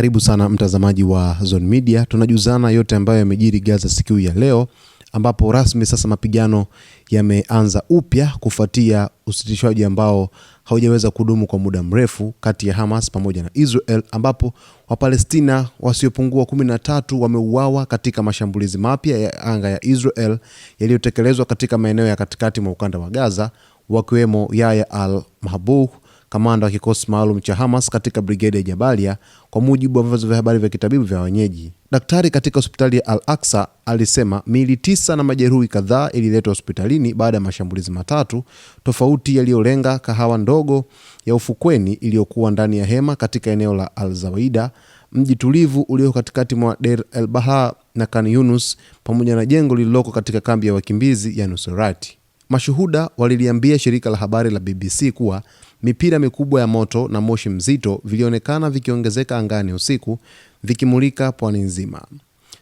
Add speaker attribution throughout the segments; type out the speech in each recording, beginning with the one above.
Speaker 1: Karibu sana mtazamaji wa Zone Media, tunajuzana yote ambayo yamejiri Gaza siku ya leo, ambapo rasmi sasa mapigano yameanza upya kufuatia usitishwaji ambao haujaweza kudumu kwa muda mrefu kati ya Hamas pamoja na Israel, ambapo Wapalestina wasiopungua kumi na tatu wameuawa katika mashambulizi mapya ya anga ya Israel yaliyotekelezwa katika maeneo ya katikati mwa ukanda wa Gaza, wakiwemo Yaya al Mahabuh kamanda wa kikosi maalum cha Hamas katika brigedi ya Jabalia, kwa mujibu wa vyanzo vya habari vya kitabibu vya wenyeji. Daktari katika hospitali ya Al Aksa alisema miili tisa na majeruhi kadhaa ililetwa hospitalini baada ya mashambulizi matatu tofauti yaliyolenga kahawa ndogo ya ufukweni iliyokuwa ndani ya hema katika eneo la Al Zawaida, mji tulivu ulioko katikati mwa Der El Baha na Khan Yunus, pamoja na jengo lililoko katika kambi ya wakimbizi ya Nusurati. Mashuhuda waliliambia shirika la habari la BBC kuwa Mipira mikubwa ya moto na moshi mzito vilionekana vikiongezeka angani usiku, vikimulika pwani nzima.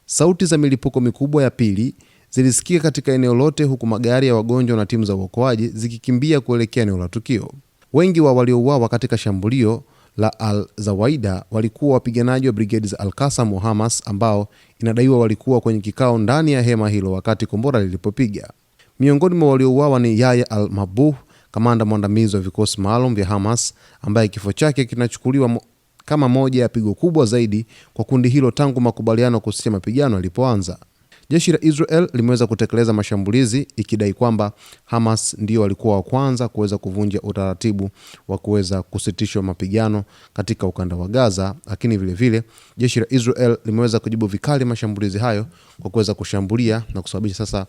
Speaker 1: Sauti za milipuko mikubwa ya pili zilisikika katika eneo lote, huku magari ya wagonjwa na timu za uokoaji zikikimbia kuelekea eneo la tukio. Wengi wa waliouawa katika shambulio la Al-Zawaida walikuwa wapiganaji wa brigedi za Al-Qassam wa Hamas ambao inadaiwa walikuwa kwenye kikao ndani ya hema hilo wakati kombora lilipopiga. Miongoni mwa waliouawa ni yaya al-Mabuh kamanda mwandamizi wa vikosi maalum vya Hamas ambaye kifo chake kinachukuliwa kama moja ya pigo kubwa zaidi kwa kundi hilo tangu makubaliano kusitisha mapigano yalipoanza. Jeshi la Israel limeweza kutekeleza mashambulizi ikidai kwamba Hamas ndio walikuwa wa kwanza kuweza kuvunja utaratibu wa kuweza kusitishwa mapigano katika ukanda wa Gaza, lakini vilevile jeshi la Israel limeweza kujibu vikali mashambulizi hayo kwa kuweza kushambulia na kusababisha sasa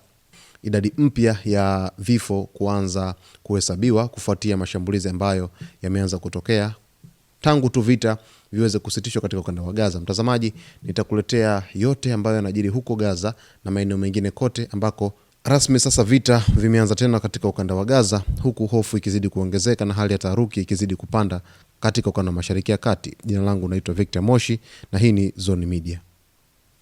Speaker 1: idadi mpya ya vifo kuanza kuhesabiwa kufuatia mashambulizi ambayo yameanza kutokea tangu tu vita viweze kusitishwa katika ukanda wa Gaza. Mtazamaji, nitakuletea yote ambayo yanajiri huko Gaza na maeneo mengine kote ambako rasmi sasa vita vimeanza tena katika ukanda wa Gaza, huku hofu ikizidi kuongezeka na hali ya taharuki ikizidi kupanda katika ukanda wa Mashariki ya Kati. Jina langu naitwa Victor Moshi na hii ni Zone Media.